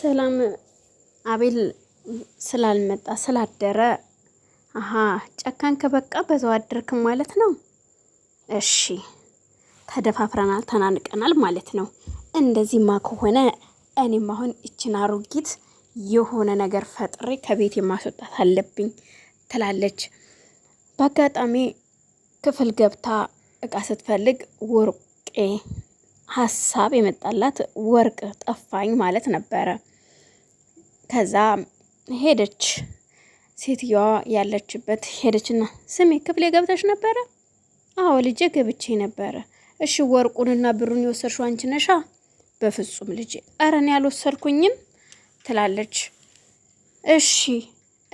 ሰላም አቤል ስላልመጣ ስላደረ፣ አሀ ጨካን ከበቃ በዛው አደርክም ማለት ነው። እሺ ተደፋፍረናል፣ ተናንቀናል ማለት ነው። እንደዚህማ ከሆነ እኔም አሁን እችን አሮጊት የሆነ ነገር ፈጥሬ ከቤት የማስወጣት አለብኝ ትላለች። በአጋጣሚ ክፍል ገብታ እቃ ስትፈልግ ወርቄ ሀሳብ የመጣላት ወርቅ ጠፋኝ ማለት ነበረ። ከዛ ሄደች ሴትዮዋ ያለችበት ሄደችና ስሜ ክፍሌ ገብተሽ ነበረ? አዎ ልጄ ገብቼ ነበረ። እሺ ወርቁንና ብሩን የወሰድሽው አንቺ ነሻ? በፍጹም ልጄ፣ ኧረ እኔ አልወሰድኩኝም ትላለች። እሺ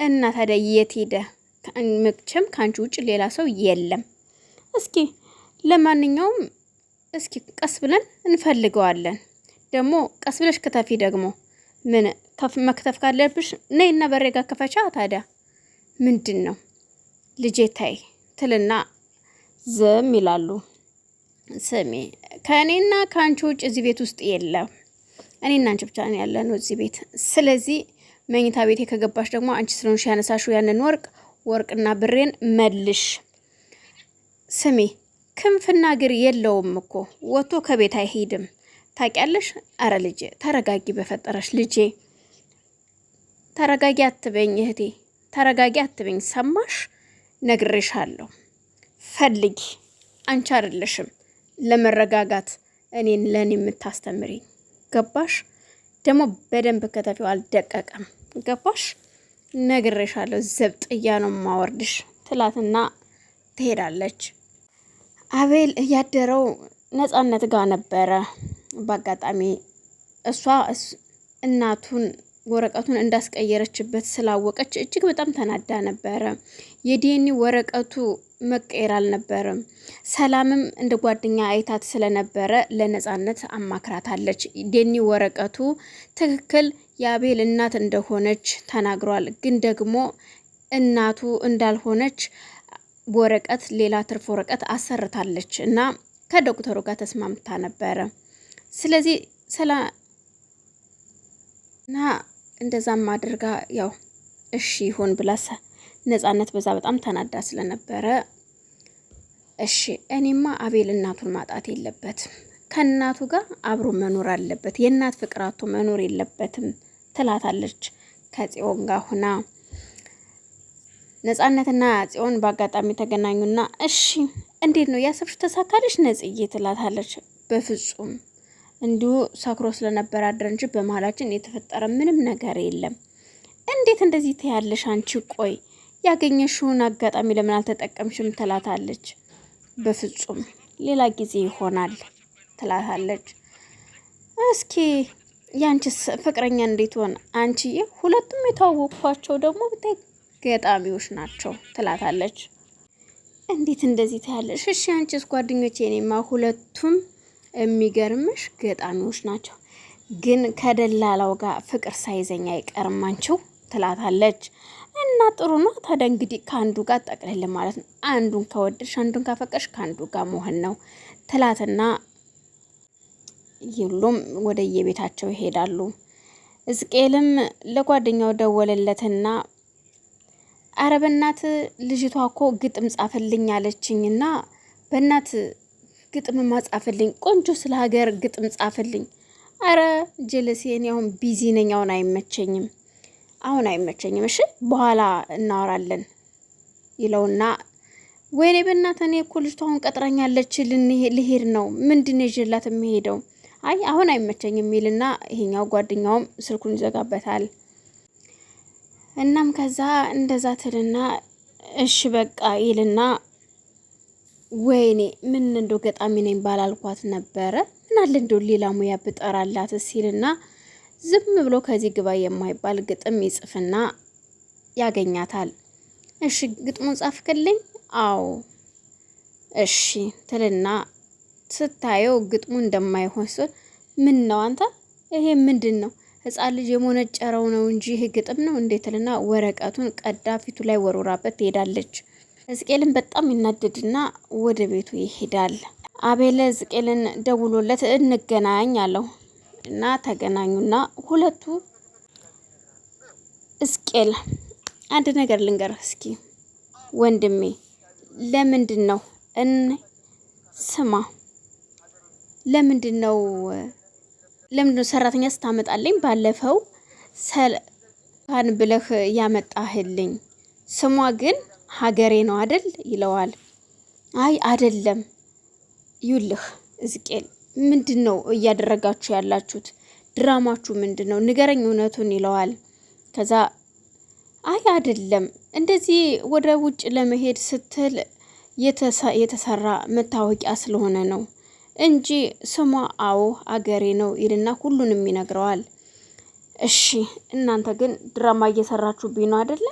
እና ታዲያ የት ሄደ? መቼም ከአንቺ ውጭ ሌላ ሰው የለም። እስኪ ለማንኛውም እስኪ ቀስ ብለን እንፈልገዋለን። ደግሞ ቀስ ብለሽ ክተፊ። ደግሞ ምን መክተፍ ካለብሽ እና በሬጋ ክፈቻ። ታዲያ ምንድን ነው ልጄ ታይ ትልና ዝም ይላሉ። ስሜ ከእኔና ከአንቺ ውጭ እዚህ ቤት ውስጥ የለም። እኔና አንቺ ብቻ ነው ያለነው እዚህ ቤት። ስለዚህ መኝታ ቤቴ ከገባሽ ደግሞ አንቺ ስለሆንሽ ያነሳሽው ያንን ወርቅ ወርቅና ብሬን መልሽ። ስሜ ክንፍና እግር የለውም እኮ ወጥቶ ከቤት አይሄድም። ታውቂያለሽ? አረ ልጄ ተረጋጊ፣ በፈጠረሽ ልጄ ተረጋጊ አትበኝ፣ እህቴ ተረጋጊ አትበኝ። ሰማሽ? ነግሬሻለሁ። ፈልጊ፣ አንቺ አይደለሽም ለመረጋጋት እኔን ለእኔ የምታስተምሪኝ ገባሽ? ደግሞ በደንብ ከተፊው አልደቀቀም። ገባሽ? ነግሬሻለሁ፣ ዘብጥያ ነው ማወርድሽ ትላትና ትሄዳለች። አቤል እያደረው ነጻነት ጋር ነበረ። በአጋጣሚ እሷ እናቱን ወረቀቱን እንዳስቀየረችበት ስላወቀች እጅግ በጣም ተናዳ ነበረ። የዲኒ ወረቀቱ መቀየር አልነበረም። ሰላምም እንደ ጓደኛ አይታት ስለነበረ ለነጻነት አማክራታለች። ዴኒ ወረቀቱ ትክክል የአቤል እናት እንደሆነች ተናግሯል። ግን ደግሞ እናቱ እንዳልሆነች ወረቀት ሌላ ትርፍ ወረቀት አሰርታለች እና ከዶክተሩ ጋር ተስማምታ ነበረ። ስለዚህ ስላ እና እንደዛም አድርጋ ያው እሺ ይሁን ብላ ነጻነት በዛ በጣም ተናዳ ስለነበረ እሺ እኔማ አቤል እናቱን ማጣት የለበትም ከእናቱ ጋር አብሮ መኖር አለበት፣ የእናት ፍቅራቱ መኖር የለበትም ትላታለች ከጽዮን ጋር ሁና ነጻነትና ጽዮን በአጋጣሚ ተገናኙና እሺ እንዴት ነው ያሰብሽ ተሳካልሽ ነጽዬ ትላታለች። በፍጹም እንዲሁ ሰክሮ ስለነበረ አድረ እንጂ በመሀላችን የተፈጠረ ምንም ነገር የለም። እንዴት እንደዚህ ትያለሽ አንቺ? ቆይ ያገኘሽውን አጋጣሚ ለምን አልተጠቀምሽም? ትላታለች። በፍጹም ሌላ ጊዜ ይሆናል ትላታለች። እስኪ ያንቺስ ፍቅረኛ እንዴት ሆነ አንቺዬ? ሁለቱም የተዋወቅኳቸው ደግሞ ብታይ ገጣሚዎች ናቸው ትላታለች። እንዴት እንደዚህ ትያለሽ? እሺ አንቺስ? ጓደኞቼ እኔማ ሁለቱም የሚገርምሽ ገጣሚዎች ናቸው፣ ግን ከደላላው ጋር ፍቅር ሳይዘኛ አይቀርም አንቺው ትላታለች። እና ጥሩ ነው ታዲያ እንግዲህ ከአንዱ ጋር ጠቅልል ማለት ነው። አንዱን ከወደድሽ፣ አንዱን ካፈቀሽ ከአንዱ ጋር መሆን ነው ትላትና ሁሉም ወደ የቤታቸው ይሄዳሉ። እዝቅኤልም ለጓደኛው ደወለለትና አረ በእናት ልጅቷ እኮ ግጥም ጻፈልኝ አለችኝ እና በእናት ግጥም ማጻፈልኝ ቆንጆ ስለ ሀገር ግጥም ጻፈልኝ። አረ እኔ አሁን ቢዚ ነኝ፣ አሁን አይመቸኝም፣ አሁን አይመቸኝም፣ እሺ በኋላ እናወራለን ይለውና ወይኔ በእናት እኔ እኮ ልጅቷ አሁን ቀጥረኛለች፣ ልሄድ ነው። ምንድን ይዤላት የሚሄደው? አይ አሁን አይመቸኝም ይልና ይሄኛው ጓደኛውም ስልኩን ይዘጋበታል። እናም ከዛ እንደዛ ትልና እሺ በቃ ይልና ወይኔ ምን እንዶ ገጣሚ ነኝ ባላልኳት ነበረ ምናለ እንደው ሌላ ሙያ ብጠራላት ሲልና ዝም ብሎ ከዚህ ግባ የማይባል ግጥም ይጽፍና ያገኛታል። እሺ ግጥሙን ጻፍክልኝ? አዎ እሺ ትልና ስታየው ግጥሙ እንደማይሆን ሲሆን ምን ነው አንተ ይሄ ምንድን ነው ህፃን ልጅ የሞነጨረው ነው እንጂ ይህ ግጥም ነው እንዴትልና ወረቀቱን ቀዳ ፊቱ ላይ ወርውራበት ትሄዳለች። ህዝቅኤልን በጣም ይናደድና ወደ ቤቱ ይሄዳል። አቤለ ህዝቅኤልን ደውሎለት እንገናኝ አለው እና ተገናኙና ሁለቱ ህዝቅኤል አንድ ነገር ልንገርህ እስኪ ወንድሜ፣ ለምንድን ነው እን ስማ ለምንድን ነው ለምንድነው ሰራተኛ ስታመጣልኝ ባለፈው ሰልካን ብለህ ያመጣህልኝ? ስሟ ግን ሀገሬ ነው አደል ይለዋል። አይ አደለም ይውልህ እዝቄል፣ ምንድን ነው እያደረጋችሁ ያላችሁት? ድራማችሁ ምንድን ነው? ንገረኝ እውነቱን ይለዋል። ከዛ አይ አደለም፣ እንደዚህ ወደ ውጭ ለመሄድ ስትል የተሰራ መታወቂያ ስለሆነ ነው እንጂ ስሟ አዎ አገሬ ነው ይልና ሁሉንም ይነግረዋል። እሺ እናንተ ግን ድራማ እየሰራችሁብኝ ነው አይደለ?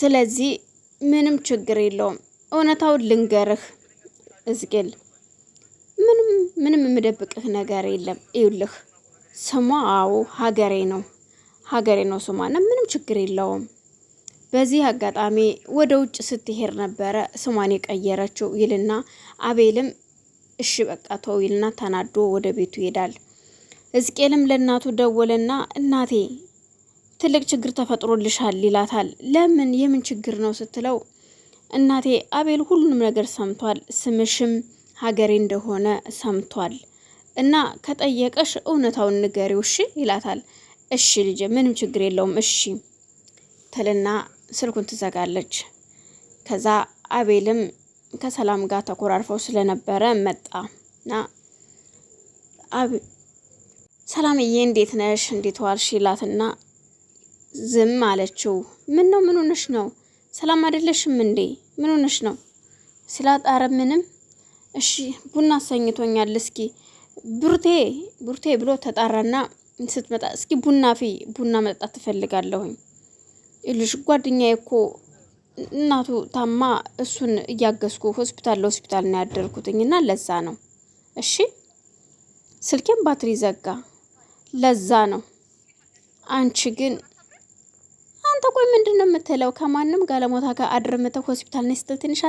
ስለዚህ ምንም ችግር የለውም እውነታውን ልንገርህ እዝቅል ምንም ምንም የምደብቅህ ነገር የለም። ይውልህ ስሟ አዎ ሀገሬ ነው ሀገሬ ነው ስሟና ምንም ችግር የለውም። በዚህ አጋጣሚ ወደ ውጭ ስትሄድ ነበረ ስሟን የቀየረችው ይልና አቤልም እሺ በቃ ተው ይልና ተናዶ ወደ ቤቱ ይሄዳል። እዝቅኤልም ለእናቱ ደወለና እናቴ ትልቅ ችግር ተፈጥሮልሻል ይላታል። ለምን የምን ችግር ነው ስትለው እናቴ አቤል ሁሉንም ነገር ሰምቷል፣ ስምሽም ሀገሬ እንደሆነ ሰምቷል እና ከጠየቀሽ እውነታውን ንገሪው እሺ ይላታል። እሺ ልጅ ምንም ችግር የለውም እሺ ትልና ስልኩን ትዘጋለች። ከዛ አቤልም ከሰላም ጋር ተኮራርፈው ስለነበረ መጣ እና ሰላምዬ እንዴት ነሽ እንዴት ዋልሽ ይላትና ዝም አለችው። ምን ነው ምን ሆነሽ ነው? ሰላም አይደለሽም እንዴ? ምን ሆነሽ ነው ስላጣረ ምንም። እሺ ቡና አሰኝቶኛል፣ እስኪ ቡርቴ ቡርቴ ብሎ ተጣራና ስትመጣ፣ እስኪ ቡና ፊ ቡና መጠጣት ትፈልጋለሁኝ። ልሽ ጓደኛዬ እኮ እናቱ ታማ እሱን እያገዝኩ ሆስፒታል ለሆስፒታል ነው ያደርኩትኝ እና ለዛ ነው። እሺ ስልኬን ባትሪ ዘጋ። ለዛ ነው። አንቺ ግን አንተ ቆይ ምንድን ነው የምትለው? ከማንም ጋለሞታ ጋር አድርምተው ሆስፒታል ነው ስትል ትንሽ